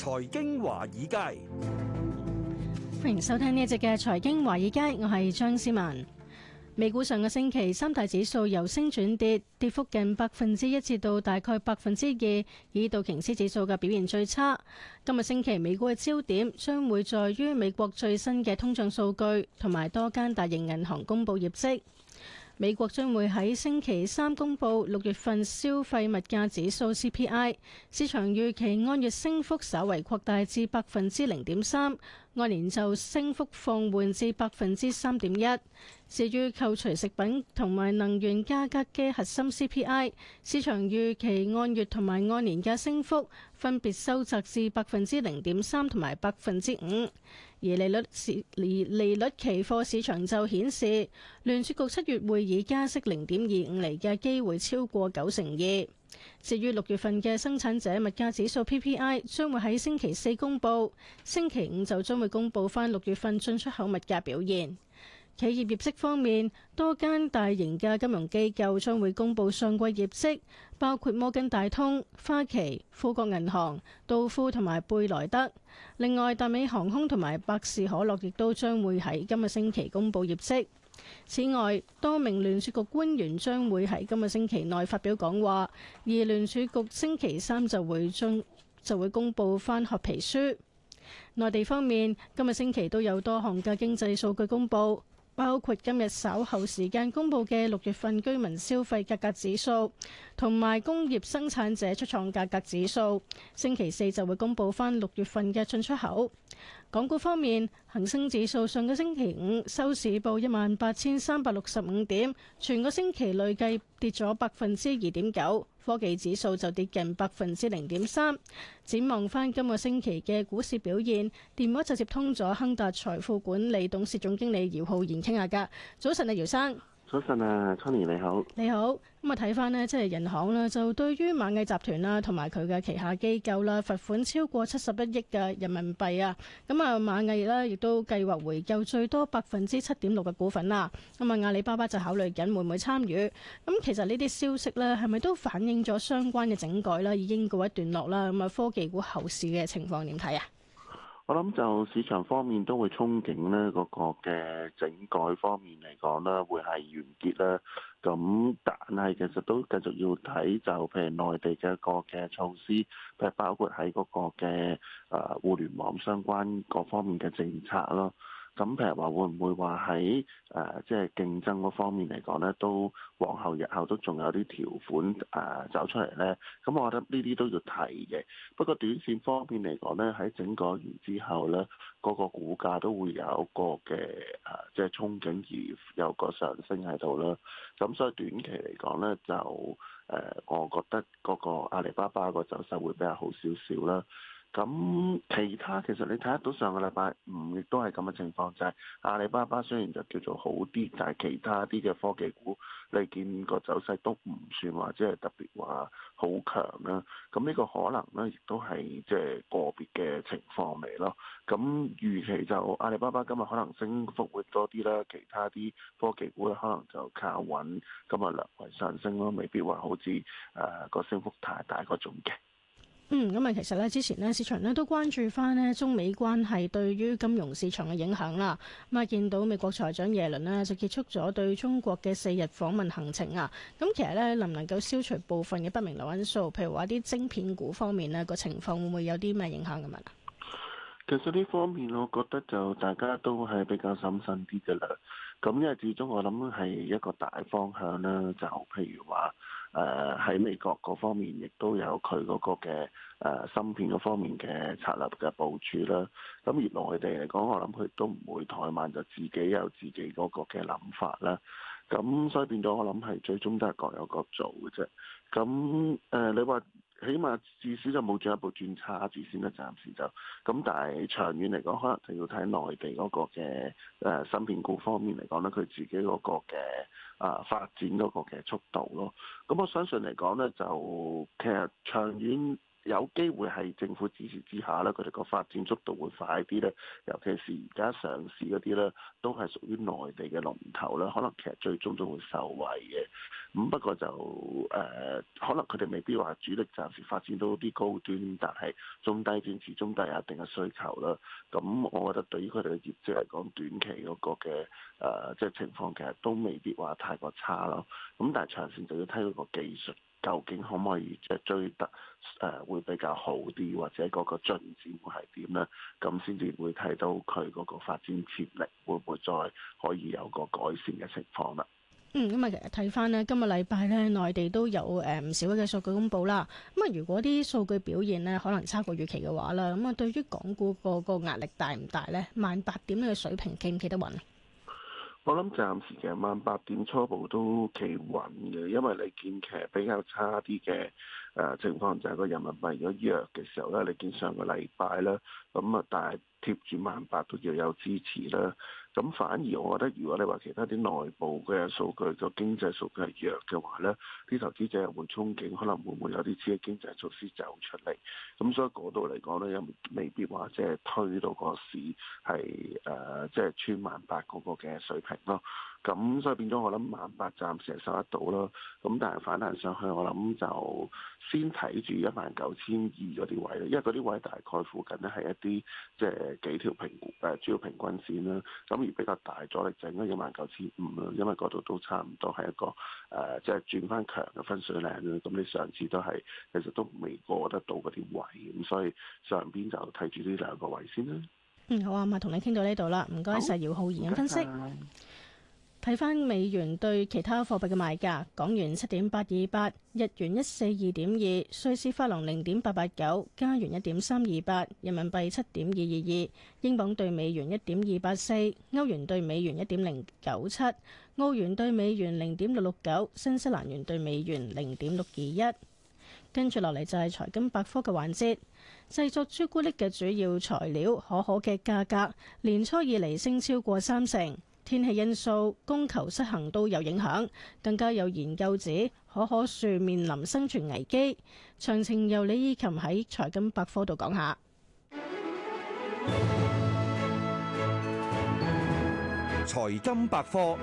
財經華爾街，歡迎收聽呢一集嘅財經華爾街。我係張思文。美股上個星期三大指數由升轉跌，跌幅近百分之一至到大概百分之二，以道瓊斯指數嘅表現最差。今個星期美股嘅焦點將會在於美國最新嘅通脹數據，同埋多間大型銀行公佈業績。美國將會喺星期三公布六月份消費物價指數 CPI，市場預期按月升幅稍為擴大至百分之零點三，按年就升幅放緩至百分之三點一。至於扣除食品同埋能源價格嘅核心 CPI，市場預期按月同埋按年嘅升幅分別收窄至百分之零點三同埋百分之五。而利率市，而利率期貨市場就顯示聯儲局七月會議加息零點二五釐嘅機會超過九成二。至於六月份嘅生產者物價指數 PPI 將會喺星期四公佈，星期五就將會公佈翻六月份進出口物價表現。企業業績方面，多間大型嘅金融機構將會公佈上季業績，包括摩根大通、花旗、富國銀行、道富同埋貝萊德。另外，達美航空同埋百事可樂亦都將會喺今個星期公布業績。此外，多名聯儲局官員將會喺今個星期內發表講話，而聯儲局星期三就會將就會公佈翻褐皮書。內地方面，今個星期都有多項嘅經濟數據公佈。包括今日稍後時間公布嘅六月份居民消費價格指數，同埋工業生產者出廠價格指數，星期四就會公布翻六月份嘅進出口。港股方面，恒生指數上個星期五收市報一萬八千三百六十五點，全個星期累計跌咗百分之二點九。科技指數就跌近百分之零點三。展望翻今個星期嘅股市表現，電話就接通咗亨達財富管理董事總經理姚浩然傾下噶。早晨啊，姚生。早晨啊，春年你好，你好咁啊。睇翻呢，即係銀行啦，就對於螞蟻集團啦同埋佢嘅旗下機構啦，罰款超過七十一億嘅人民幣啊。咁啊，螞蟻呢亦都計劃回購最多百分之七點六嘅股份啦。咁啊，阿里巴巴就考慮緊會唔會參與。咁其實呢啲消息呢，係咪都反映咗相關嘅整改啦，已經告一段落啦。咁啊，科技股後市嘅情況點睇啊？我諗就市場方面都會憧憬咧，嗰個嘅整改方面嚟講咧，會係完結啦。咁但係其實都繼續要睇就譬如內地嘅一個嘅措施，譬包括喺嗰個嘅誒互聯網相關各方面嘅政策咯。咁譬如話，會唔會話喺誒即係競爭嗰方面嚟講咧，都往後日後都仲有啲條款誒、呃、走出嚟咧？咁我覺得呢啲都要睇嘅。不過短線方面嚟講咧，喺整改完之後咧，嗰個股價都會有一個嘅誒，即、呃、係、就是、憧憬而有個上升喺度啦。咁所以短期嚟講咧，就誒、呃，我覺得嗰個阿里巴巴個走勢會比較好少少啦。咁其他其實你睇得到上個禮拜五亦都係咁嘅情況，就係阿里巴巴雖然就叫做好啲，但係其他啲嘅科技股，你見個走勢都唔算話即係特別話好強啦。咁呢個可能咧，亦都係即係個別嘅情況嚟咯。咁預期就阿里巴巴今日可能升幅會多啲啦，其他啲科技股咧可能就靠穩，今日略為上升咯，未必話好似誒、啊、個升幅太大嗰種嘅。嗯，咁啊，其實咧，之前呢市場呢都關注翻呢中美關係對於金融市場嘅影響啦。咁啊，見到美國財長耶倫呢就結束咗對中國嘅四日訪問行程啊。咁其實呢，能唔能夠消除部分嘅不明朗因素？譬如話啲晶片股方面呢個情況會唔會有啲咩影響咁啊？其實呢方面，我覺得就大家都係比較審慎啲噶啦。咁因為始終我諗係一個大方向啦，就譬如話，誒、呃、喺美國嗰方面亦都有佢嗰個嘅誒、呃、芯片嗰方面嘅策略嘅部署啦。咁而內地嚟講，我諗佢都唔會怠慢，就自己有自己嗰個嘅諗法啦。咁所以變咗，我諗係最終都係各有各做嘅啫。咁誒、呃，你話起碼至少就冇進一步轉差字先得，暫時就。咁但係長遠嚟講，可能就要睇內地嗰個嘅誒芯片股方面嚟講咧，佢自己嗰個嘅啊、呃、發展嗰個嘅速度咯。咁我相信嚟講咧，就其實長遠。有機會係政府支持之下咧，佢哋個發展速度會快啲咧。尤其是而家上市嗰啲咧，都係屬於內地嘅龍頭咧，可能其實最終都會受惠嘅。咁不過就誒、呃，可能佢哋未必話主力暫時發展到啲高端，但係中低端始終都有一定嘅需求啦。咁我覺得對於佢哋嘅業績嚟講，短期嗰個嘅誒、呃、即係情況，其實都未必話太過差咯。咁但係長線就要睇嗰個技術。究竟可唔可以即追得誒、呃、會比較好啲，或者嗰個進展會係點咧？咁先至會睇到佢嗰個發展潛力會唔會再可以有個改善嘅情況啦。嗯，咁啊其實睇翻呢，今個禮拜咧內地都有誒唔、呃、少嘅數據公布啦。咁、嗯、啊，如果啲數據表現咧可能差過預期嘅話啦，咁啊對於港股個個壓力大唔大咧？萬八點呢個水平企唔企得穩？我諗暫時嘅晚八點初步都企穩嘅，因為你見其實比較差啲嘅誒情況就係個人民幣如果弱嘅時候咧，你見上個禮拜啦。咁啊，但係，貼住萬八都要有支持啦，咁反而我覺得，如果你話其他啲內部嘅數據，個經濟數據係弱嘅話咧，啲投資者又會憧憬，可能會唔會有啲自啲經濟措施走出嚟？咁所以嗰度嚟講咧，又未必話即係推到個市係誒，即、呃、係、即係、穿萬八嗰個嘅水平咯。咁所以變咗，我諗萬八暫時係收得到咯。咁但係反彈上去，我諗就先睇住一萬九千二嗰啲位咯。因為嗰啲位大概附近咧係一啲即係幾條平誒、呃、主要平均線啦。咁而比較大阻力就應該一萬九千五啦，因為嗰度都差唔多係一個誒即係轉翻強嘅分水嶺啦。咁你上次都係其實都未過得到嗰啲位，咁所以上邊就睇住呢兩個位先啦。嗯，好啊，咁啊同你傾到呢度啦，唔該晒，姚好浩然嘅分析。謝謝。睇翻美元對其他貨幣嘅賣價，港元七點八二八，日元一四二點二，瑞士法郎零點八八九，加元一點三二八，人民幣七點二二二，英鎊兌美元一點二八四，歐元兌美元一點零九七，澳元兌美元零點六六九，新西蘭元兌美元零點六二一。跟住落嚟就係財金百科嘅環節，製作朱古力嘅主要材料可可嘅價格年初以嚟升超過三成。天氣因素、供求失衡都有影響，更加有研究指可可樹面臨生存危機。詳情由李依琴喺財金百科度講下。財金百科。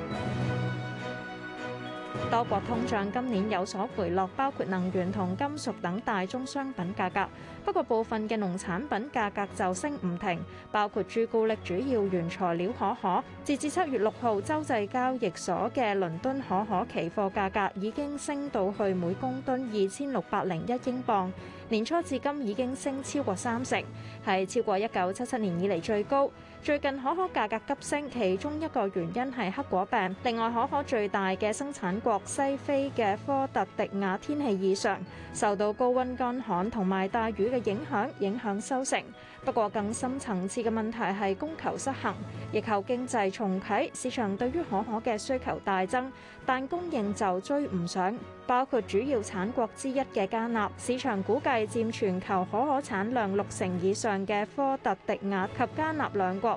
多國通脹今年有所回落，包括能源同金屬等大宗商品價格。不過部分嘅農產品價格就升唔停，包括朱古力主要原材料可可。截至七月六號，洲際交易所嘅倫敦可可期貨價格已經升到去每公噸二千六百零一英鎊，年初至今已經升超過三成，係超過一九七七年以嚟最高。最近可可價格急升，其中一個原因係黑果病。另外，可可最大嘅生產國西非嘅科特迪瓦天氣異常，受到高溫乾旱同埋大雨嘅影響，影響收成。不過，更深層次嘅問題係供求失衡，疫後經濟重啟，市場對於可可嘅需求大增，但供應就追唔上。包括主要產國之一嘅加納，市場估計佔全球可可產量六成以上嘅科特迪瓦及加納兩國。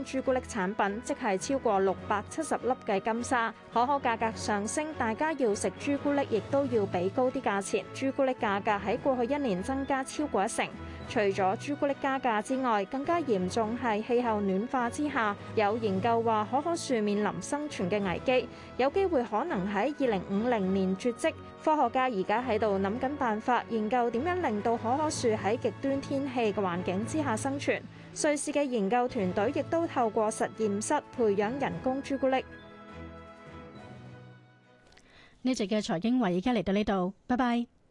朱古力產品即係超過六百七十粒嘅金莎。可可價格上升，大家要食朱古力亦都要俾高啲價錢。朱古力價格喺過去一年增加超過一成。除咗朱古力加價之外，更加嚴重係氣候暖化之下，有研究話可可樹面臨生存嘅危機，有機會可能喺二零五零年絕跡。科學家而家喺度諗緊辦法，研究點樣令到可可樹喺極端天氣嘅環境之下生存。瑞士嘅研究團隊亦都透過實驗室培養人工朱古力。呢集嘅財經華爾街，而家嚟到呢度，拜拜。